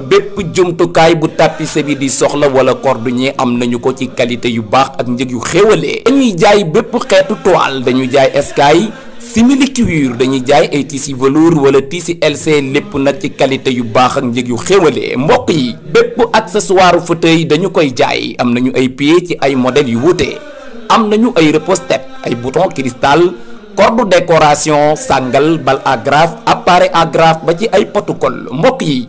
bépp jumtukaay bu tapisse bi di soxla wala ñi am nañu ko ci qualité yu baax ak njëg yu xéwalee dañuy jaay bépp xeetu toile dañu jaay eskay simili cuir dañuy jaay ay tissu velours wala tissu LC lépp nag ci qualité yu baax ak njëg yu xéwale mbokk yi bépp accessoire fauteuil dañu koy jaay am nañu ay pie ci ay modèles yu wuute am nañu ay repose ay bouton cristal corde décoration sangal bal agrafe appareil agrafe ba ci ay protocole mbokk yi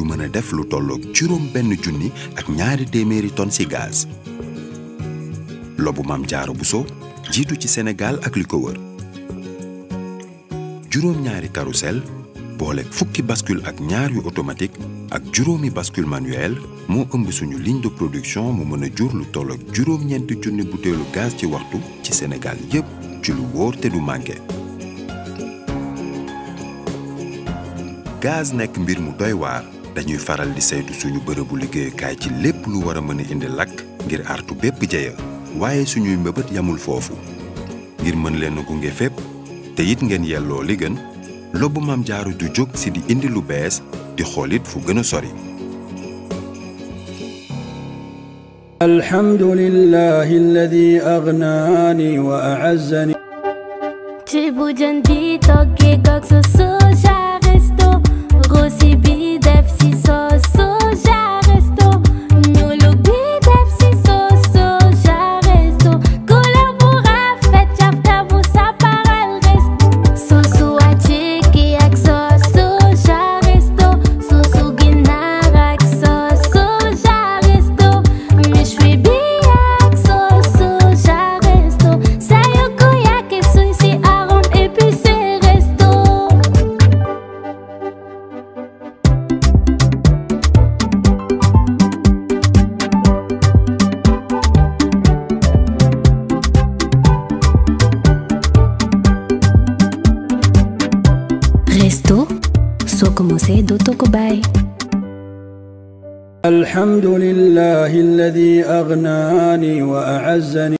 yu mën a def lu tolloog juróom junni ak ñaari téeméeri tonnes ci gaz. lobu maam jaaro Bousso jiitu ci senegal ak li ko wër juróom ñaari carrousel boole fukki baskul ak ñaar yu automatique ak juróomi baskul manuel moo ëmb suñu ligne de production mu mën a jur lu toll ak juróom-ñeenti junni butéelu gaz ci waxtu ci Sénégal yépp ci lu wóor te du manqué. gaz nekk mbir mu doy waar. dañuy faral di saytu suñu bërëbu liggéeyukaay ci lépp lu war a mën indi lakk ngir artu bépp jeya waaye suñuy mbëbët yamul foofu ngir mën leen gunge fépp te it ngeen yelloo li gën lobbu maam jaaru du jóg si di indi lu bees di xoolit fu gën a sori alhamdulillahi alladi agnaani wa a'azzani الحمد لله الذي أغناني وأعزني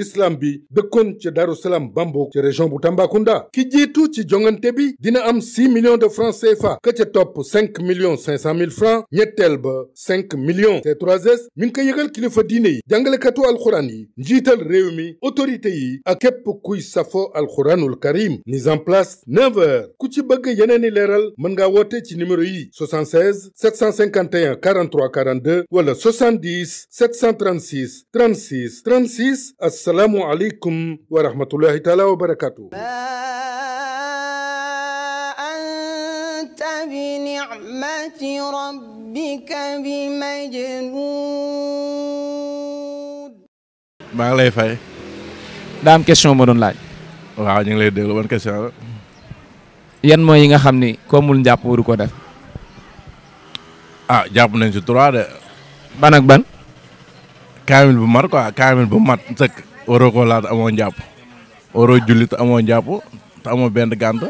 l'islam bi dëkkoon ci Daaru Salaam Bambok ca région bu Tambacounda ki jiitu ci jongante bi dina am 6 million de francs CFA ka ca topp 5 millions 500 mille francs ñetteel ba 5 millions C3S mi ngi ko yëgal kilifa diine yi jàngalekatu alxuraan njiital réew mi autorité yi ak képp kuy safo alxuraanul karim mise en place 9 heures ku ci bëgg yeneeni leeral mën ngaa woote ci numéro yi 76 751 43 42 wala 70 736 36 36 ak asalaamu aleykum wa rahmatullahi taala wa barakaatu. بنعمة ربك بمجنون maa ngi lay fay. daa am question ma laaj. ngi lay déglu ban yan mooy yi nga xam ni koomul njàpp waru ko def. ah jàpp nañ ci trois ban kaamil bu mat quoi kaamil bu mat sëkk. waroo koo laata amoo njàpp waroo julli te amoo njàpp te amoo benn gànt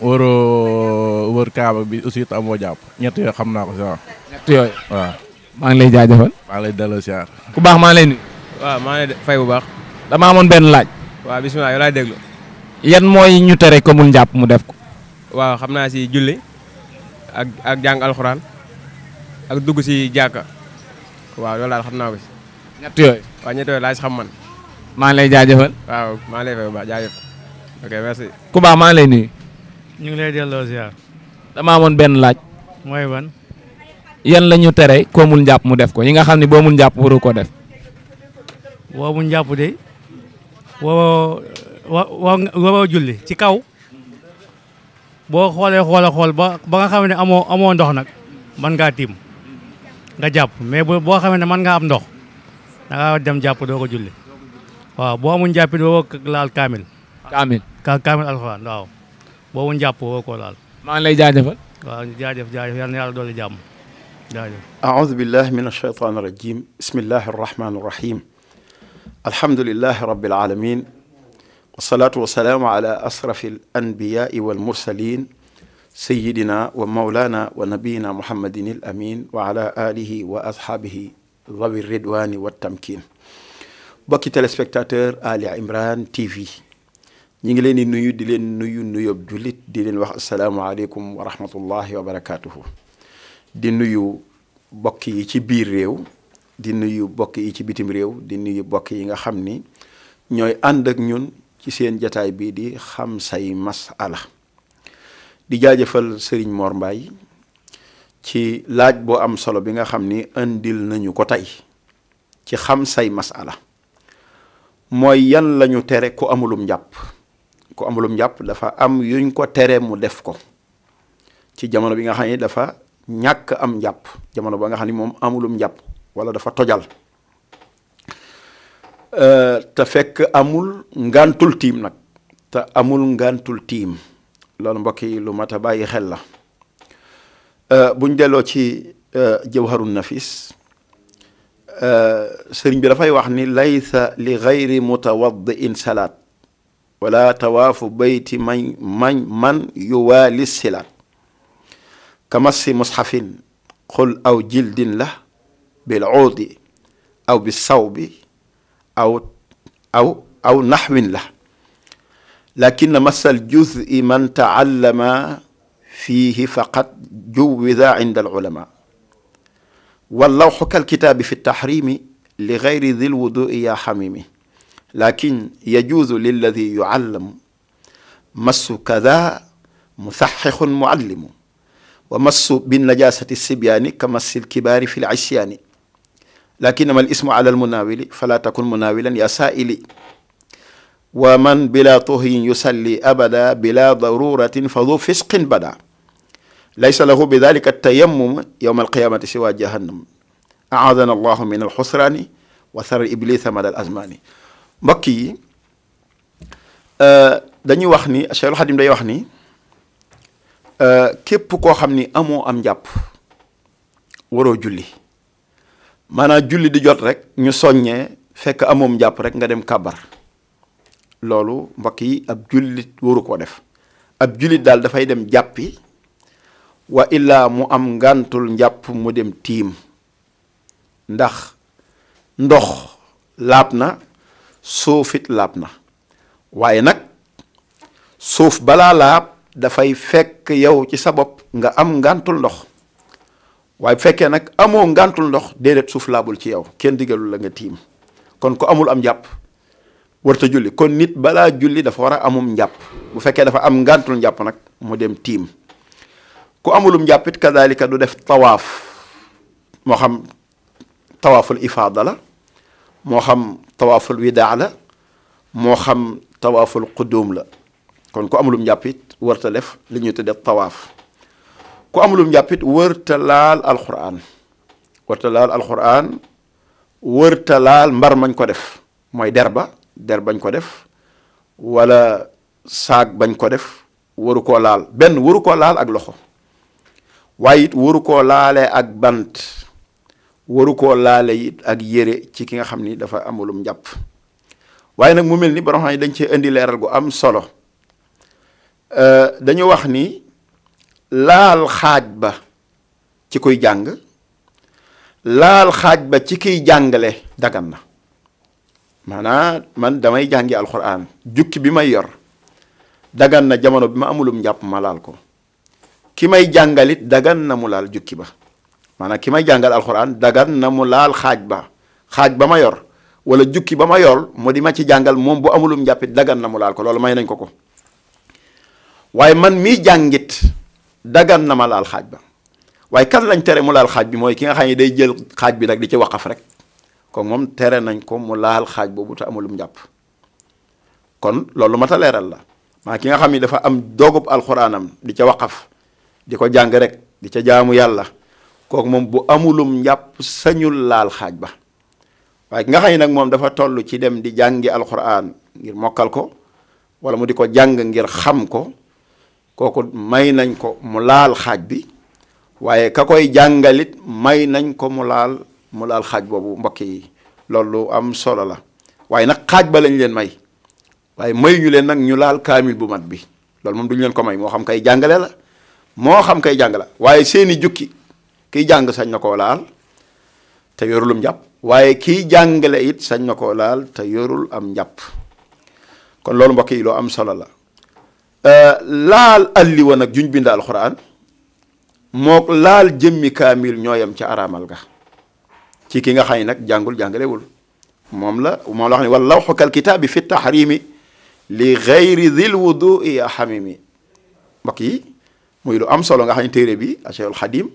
waroo wër kaaba bi aussi te amoo jàpp ñett yooyu xam naa ko si waaw. ñett maa ngi lay jaajëfal. maa bu baax maa ngi lay fay bu baax. damaa amoon benn laaj. waaw bisimilah yow laay déglu. yan mooy ñu tere ko mul njàpp mu def ko. waa xam naa si julli ak ak alxuraan ak dugg si jàkka waaw loolu daal xam naa ko si. ñett yooyu. waaw ñett yooyu laa si xam man. maa ngi lay jaajëfal. waaw maa ngi lay fay ku baax maa ngi lay nuyu. ñu ngi lay delloo ziar. damaa amoon benn laaj. mooy ban. la ñu tere koo jàpp mu def ko yi nga xam ne boo mun jàpp waru ko def. woo mun jàpp de woo woo julli ci kaw boo xoolee xoola xool ba ba nga xam ne amoo amoo ndox nag mën ngaa tiim nga jàpp mais boo xam ne mën ngaa am ndox da ngaa dem jàpp doo ko julli. waaw boo amuñ jàppit boo laal kaamil. kaamil ka kaamil alxuraan waaw boo amuñ jàpp boo ko laal. maa ngi lay jaajëfal. waaw jaajëf jaajëf yal na yàlla doole jàmm jaajëf. aoudu billahi min ashaytaani rajim bismillahi rahmaani rahim alhamdulillahi rabbil alamin wasalaatu wasalaamu ala asrafi al anbiyaai wal mursalin sayidina wa maulana wa nabiyina muhammadin al amin wa ala alihi wa ashaabihi dhawi ridwani wa tamkin bokki téléspectateur Ali Imran TV ñi ngi leen di nuyu di leen nuyu nuyób jullit di leen wax asalaamualeykum wa rahmatullahi wa barakatuhu di nuyu bokk yi ci biir réew di nuyu bokk yi ci bitim réew di nuyu bokk yi nga xam ni ñooy ànd ak ñun ci seen jataay bii di xam say masala di jaajëfal sëriñ Mor Mbaye ci laaj boo am solo bi nga xam ni indil nañu ko tey ci xam say masala mooy yan la ñu tere ko amulum njàpp ku amulum njàpp dafa am yuñ ko tere mu def ko ci jamono bi nga xam ni dafa ñàkk am njàpp jamono ba nga xam ni moom amulum njàpp wala dafa tojal euh, te fekk amul ngantul tiim nag te amul ngantul tiim loolu mbokk yi lu mat a bàyyi xel la euh, buñ delloo ci euh, jawharun nafis Euh, sëriñ bi dafay wax ni laysa li gayri mutawaddiin salaat wala tawaafu bayti man man man yuwaali silaat kamassi mushafin xul aw jildin la bil uudi aw bi sawbi aw aw aw naxwin la lakin masal juzi man taallama fiihi faqat juwida inda al ulama wallaw xukal kitaabi fi taxrimi li gayri dil wudui yaa xamimi lakin yajuusu lilladi yuallamu massu kada musaxixun muallimu wa massu binnajaasati sibyaani ka massil kibaari fi lisyaani lakinama al ismu ala almunaawili fala takun munaawilan yaa saaili wa man bila tuhyin yusalli abada bila daruratin fa du fisqin bada laysa lahu bi dalika tayammum yowma alqiyamati siwa jahannam aadana allahu min alxusraani wa sara iblisa mada al azmaani mbokk yi dañuy wax ni Cheikhul Xadim day wax ni képp koo xam ni amoo am njàpp waroo julli maanaam julli di jot rek ñu soññee fekk amoom njàpp rek nga dem kàbbar loolu mbokk yi ab jullit waru ko def ab jullit daal dafay dem jàppi wa illaa mu am ngàntul njàpp mu dem tiim ndax ndox laab na suufit laab na waaye nag suuf balaa laab dafay fekk yow ci sa bopp nga am ngàntul ndox waaye bu fekkee nag amoo ngàntul ndox déedéet suuf laabul ci yow kenn digalul la nga tiim kon ko amul am njàpp warta julli kon nit balaa julli dafa war a amum njàpp bu fekkee dafa am ngàntul njàpp nag mu dem tiim ku amulum jàppit kadalika du def tawaaf moo xam tawaaful ifaada moo xam tawaaful widaa la moo xam tawaaful quduum la kon ku amulum jàppit wërta def li ñuy tuddee tawaaf ku amulum jàppit wërta laal alquran wërta laal alquran laal mbar mañ ko def mooy der ba der bañ ko def wala saak bañ ko def waru ko laal benn waru ko laal ak loxo waaye it waru koo laale ak bant waru koo laale it ak yére ci ki nga xam ni dafa amulum njàpp waaye nag mu mel ni borom dañ cee indi leeral gu am solo euh, dañu wax ni laal xaaj ba ci kuy jàng laal xaaj ba ci kiy jàngale dagan na maanaa man damay jàngi alxuraan jukki bi may yor daggan na jamono bi ma amulum njàpp ma laal ko ki may jàngalit dagan na mu laal jukki ba maanaam ki may jàngal alxuraan na mu laal xaaj ba xaaj ba ma yor wala jukki ba ma yor mu di ma ci jàngal moom bu amulum njàppit dagan na mu laal ko loolu may nañ ko ko waaye man mii jàngit dagan na ma laal xaaj ba waaye kan lañ tere mu laal xaaj bi mooy ki nga xam ne day jël xaaj bi nag di ci waqaf rek moom tere nañ ko mu laal xaaj boobu te amulum kon loolu mat leeral la maa ki nga xam ni dafa am doogub alxuraanam di ca waqaf di ko jàng rek di ca jaamu yàlla kooku moom bu amulum njàpp sañul laal xaaj ba waaye nga xam nag moom dafa toll ci dem di jàngi alxuraan ngir mokkal ko wala mu di ko jàng ngir xam ko kooku may nañ ko mu laal xaaj bi waaye ka koy jàngalit may nañ ko mu laal mu laal xaaj boobu mbokk yi loolu am solo la waaye nag xaaj ba lañ leen may waaye may ñu leen nag ñu laal kaamil bu mat bi loolu moom duñ leen ko may moo xam kay jàngale la moo xam kay jàng la waaye seeni jukki ki jàng sañ na koo laal te yorul am njàpp waaye kiy jàngale it sañ na koo laal te yorul am njàpp kon loolu mbokk yi loo am solo la euh, laal alliwa nag juñ bind alxuraan mook laal jëmmi kaamil ñooyam ca araamal ga ci ki nga xay ne nag jàngul jàngalewul moom la moom la wax ne wala kitaabi fi taxrimi li gayri dil wudu ya xamimi mbokk yi muy lu am solo nga xam ne téere bi Cheikhul Xadim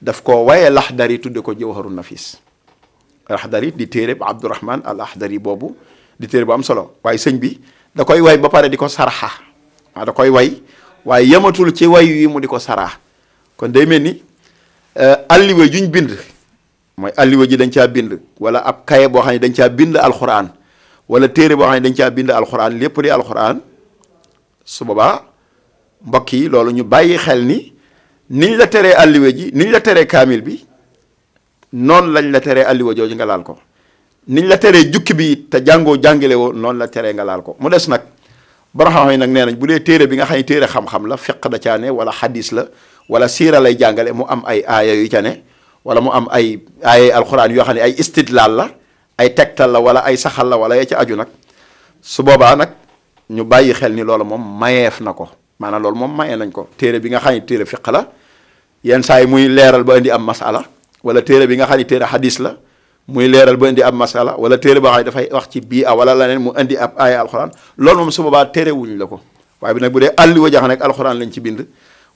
daf ko lax laxdari tudde ko jawharu nafis laxdari di téere bu Abdourahman al Axdari boobu di téere bu am solo waaye sëñ bi da koy way ba pare di ko saraxa waaw da koy way waaye yamatul ci way wi mu di ko saraa kon day mel ni euh, alliwa juñ bind mooy alliwa ji dañ caa bind wala ab kaye boo xam ne dañ caa bind alxuraan wala téere boo xam ne dañ caa bind alxuraan lépp di alxuraan su boobaa mbokk yi loolu ñu bàyyi xel ni niñ la teree alliwe ji niñ la teree kaamil bi noonu lañ la teree alliwe jooju nga laal ko niñ la teree jukki bi te jàngoo jàngale woo noonu la teree nga laal ko mu des nag a xam-xam yi nag nee nañ bu dee téere bi nga xam ne téere xam la fiq da caane wala xadis la wala siira lay jàngale mu am ay aaya yu ca ne wala mu am ay aaya alxuraan yoo xam ne ay istidlaal la ay tegtal la wala ay saxal la wala ya ca aju nag su boobaa nag ñu bàyyi xel ni loolu moom mayeef na ko maanaam loolu moom maye nañ ko téere bi nga xam ne téere fiq la yenn saa yi muy leeral ba indi am masala wala téere bi nga xam ne téere hadis la muy leeral ba indi am masala wala téere boo xam ne dafay wax ci bii a wala leneen mu indi ab aaya alxuraan loolu moom su boobaa téerewuñ la ko waaye bi nag bu dee àlli wa jaxane alxuraan lañ ci bind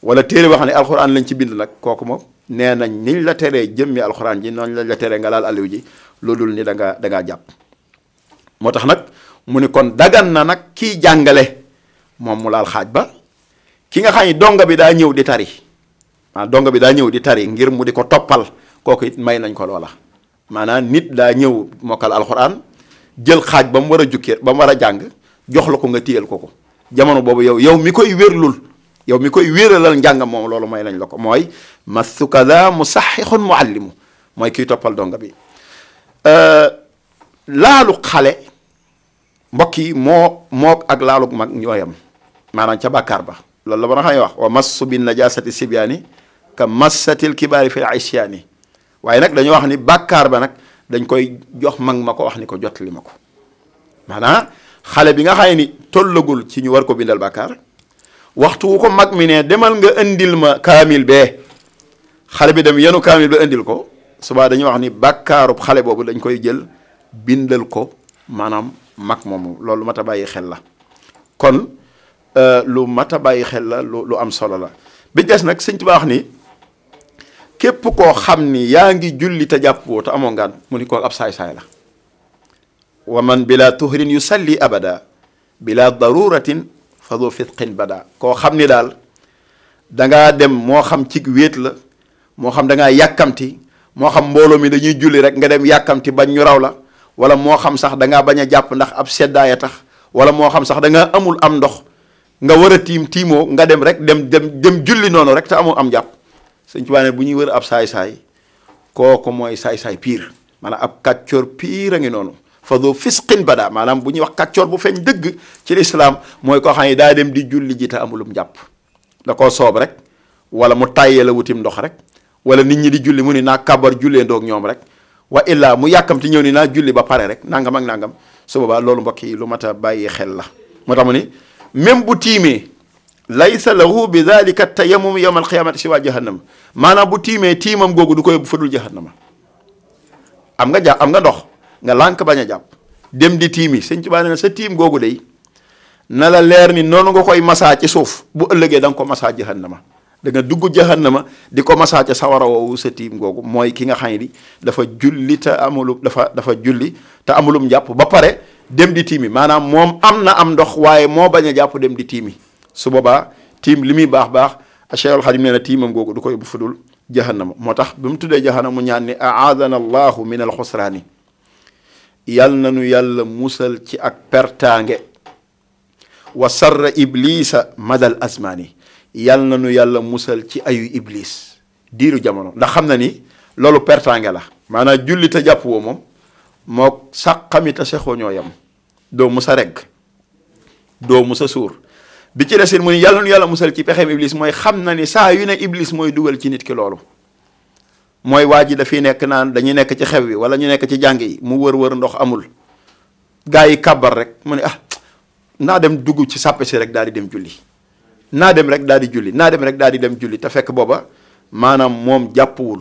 wala téere boo xam ne alxuraan lañ ci bind nag kooku moom nee nañ niñ la teree jëmmi alxuraan ji noonu lañ la tere nga laal alliw ji loolu ni da ngaa da jàpp moo tax nag mu ni kon dagan na nag kii jàngale moom xaaj ba ki nga xam ni donga bi daa ñëw di tari ah donga bi daa ñëw di tari ngir mu di ko toppal kooku it may nañ ko loola maanaam nit daa ñëw mokkal alxuraan jël xaaj ba mu war a jukkee ba mu war a jàng jox la ko nga téyal ko ko jamono boobu yow yow mi koy wérlul yow mi koy wéralal njàngam moom loolu may nañ la ko mooy masukada mu saxixun muallimu mooy kiy toppal donga bi euh, laalu xale mbokk yi moo moo ak laalu mag ñooyam maanaam ca bàkkaar ba loolu la ba nga wax wa massu bin najasati sibyaani ka massatil kibaari fil isyaani waaye nag dañoo wax ni bàkkaar ba nag dañ koy jox mag ma ko wax ni ko jotli ma ko maanaam xale bi nga xaye ni tollagul ci ñu war ko bindal bàkkaar waxtu ko mag mi ne demal nga indil ma kaamil bee xale bi dem yenu kaamil ba indil ko subaa dañuy wax ni bàkkaarub xale boobu dañ koy jël bindal ko maanaam mag moomu loolu ma ta bàyyi xel la kon Euh, lu mat a bàyyi xel la lu am solo la bi des nag sëñ Tuubaa ni képp koo xam ni yaa ngi julli te jàpp te amoo ngaan mu ni koo ab saay-saay la wa man bila tuhrin yusalli abada bilaa daruratin fa du fitqin bada koo xam ni daal dangaa dem moo xam cig wéet la moo xam dangaa yàkkamti moo xam mbooloo mi dañuy julli rek nga dem yàkkamti bañ ñu raw la wala moo xam sax dangaa bañ a jàpp ndax ab seddaaya tax wala moo xam sax dangaa amul am ndox nga war a tiim tiimoo nga dem rek dem dem dem julli noonu rek te amoo am jàpp sëñ Tuubaa ne bu ñuy wër ab saay-saay kooku mooy saay-saay piir maanaam ab kàccoor piir a ngi noonu fa do fisqin bada maanaam bu ñuy wax kàccoor bu feeñ dëgg ci lislaam mooy koo xam ne daa dem di julli jiita te amulum jàpp da koo soob rek wala mu tàyyee la wutim ndox rek wala nit ñi di julli mu ni naa kàbbar jullee ndoog ñoom rek wa illaa mu yàkkamti ñëw ni naa julli ba pare rek nangam ak nangam su boobaa loolu mbokk lu mat a xel la moo tax mu même bu tiimee laysa lahu bi dalika tayamum yowma alqiyamati siwa jahannama maanaam bu tiimee tiimam googu du ko yóbbu fadul jahannama am nga jàpp am nga ndox nga lànk bañ a jàpp dem di tiimi sëñ Tuubaa nee na sa googu day nala leer ni noonu nga koy masaa ci suuf bu ëllëgee da nga ko masaa jahannama da nga dugg jahannama di ko masaa sawara woowu sa googu mooy ki nga xam ne di dafa julli te amulum dafa dafa julli te amulum jàpp ba pare dem di tiimi maanaam moom am na am ndox waaye moo bañ a jàpp dem di tiimi su boobaa tiim li muy baax baax Cheikhul Xadim nee na tiimam googu du ko yóbbu fudul jahannama moo tax bi mu tuddee jahannama mu ñaan ni aadana allahu min alxusraani yal na nu yàlla musal ci ak pertaange wa sarra iblisa madal asmaani yal na nu yàlla musal ci ayu iblis diiru jamono ndax xam na ni loolu pertaange la maanaam julli te jàpp woo moom moo sàqami ta sexoo yam doo mus a regg doo mus a suur bi ci desin mu ni yàlla yàlla musal ci pexem iblis mooy xam na ni saa yu ne iblis mooy dugal ci nit ki loolu mooy waa ji dafiy nekk naan dañuy nekk ci xew wi wala ñu nekk ci jàng yi mu wër-wër ndox amul gaa yi kàbbar rek mu ne ah naa dem dugg ci sàppe si rek daal di dem julli naa dem rek daal di julli naa dem rek daal di dem julli te fekk booba maanaam moom jàppuwul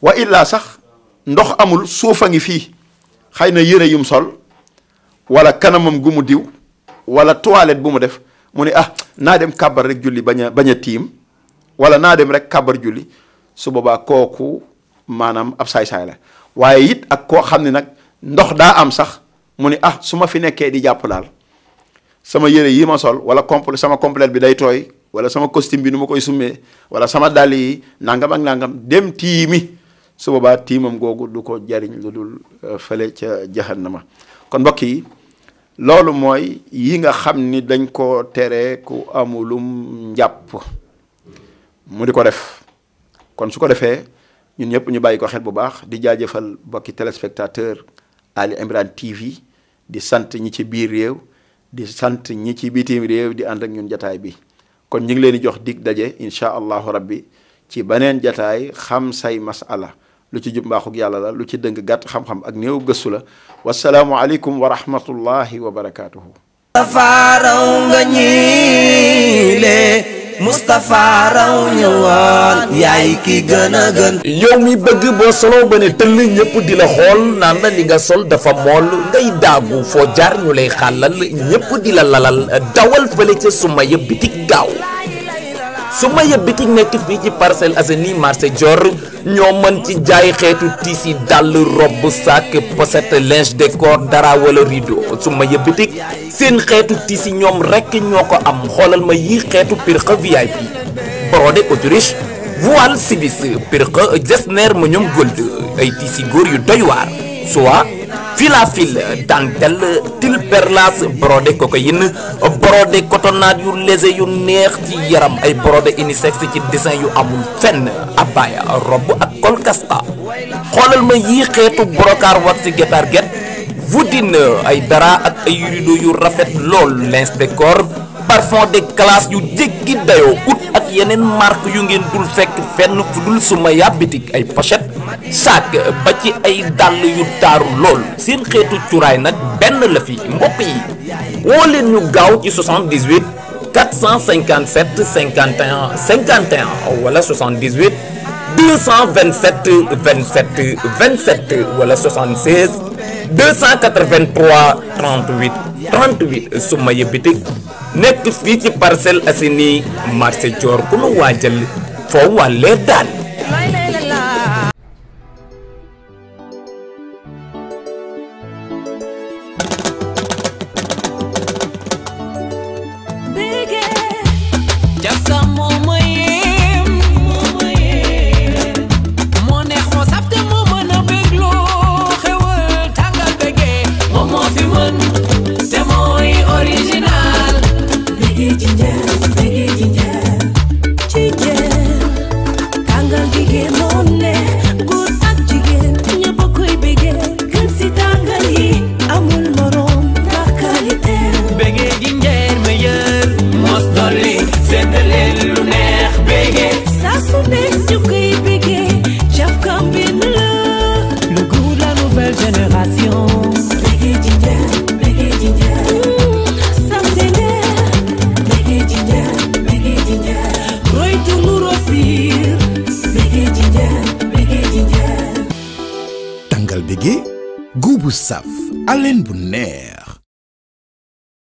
wa illaa sax ndox amul suuf a ngi fii xëy na yére yum sol wala kanamam gu mu diw wala toilette bu mu def mu ne ah naa dem kàbbar rek julli bañ a bañ a tiim wala naa dem rek kàbbar julli su boobaa kooku maanaam ab saay-saay la waaye it ak koo xam ne nag ndox daa am sax mu ne ah su ma fi nekkee di jàpp daal sama yére yii ma sol wala complet sama complète bi day tooy wala sama costume bi nu ma koy summee wala sama dàll yi nangam ak nangam dem tiimi su boobaa tiimam googu du ko jariñ lu dul euh, fële ca jahannama kon mbokk yi loolu mooy yi nga xam ni dañ ko tere ku amulum njàpp mu di ko def kon su ko defee ñun ñëpp ñu bàyyi ko xel bu baax di jaajëfal mbokki téléspectateur Ali Imran TV di sant ñi ci biir réew di sant ñi ci bitim réew di ànd ak ñun jataay bi kon ñu ngi leen di jox dig daje incha allahu rabbi ci beneen jataay xam say masala lu ci jub yàlla la lu ci dëng gàtt xam-xam ak néew gëstu la wasalaamu aleykum wa rahmatullahi wa barakaatuhu Moustapha raw nga yaay ki gën gën yow mi bëgg boo solo ba ne tëll ñëpp di la xool naan nga sol dafa mool ngay daagu foo jaar ñu lay xàllal ñëpp di la lalal dawal fële ca suma yëpp bitik gaaw suma yëpp bitig nekk fii ci parcelle Assainies marché Dior ñoo mën ci jaay xeetu tissu dàll robe sac pochette linge de corps dara wala rideau su ma bitig seen xeetu tissu ñoom rekk ñoo ko am xoolal ma yii xeetu pirque VIP brodé autriche voile sivis pirque jesner ma ñoom gold ay tissu góor yu doy waar soit fil à fil dentelle til perlas brodé cocaïne brodé cotonnade yu léger yu neex ci yaram ay brodé unisex ci dessin yu amul fenn abaya robb ak kolkasta xoolal ma yii xeetu brocart wax ci guet-arguet voudine ay dara ak ay rideau yu rafet lool l'inspecteur parfum de classe yu jéggi dayoo ut ak yeneen marque yu ngeen dul fekk fenn fu dul suma yàbbitik ay pochette sac ba ci ay dàll yu taaru lool seen xeetu cuuraay nag benn la fi mbokk yi woo leen ñu gaaw ci 78 457 51 51 wala 78 227 27 27 wala 76 283 38 38 Soumaye Bitik nekk fii ci Parcelles Assainies marché Dior ku mu waajal foo wàllee daal.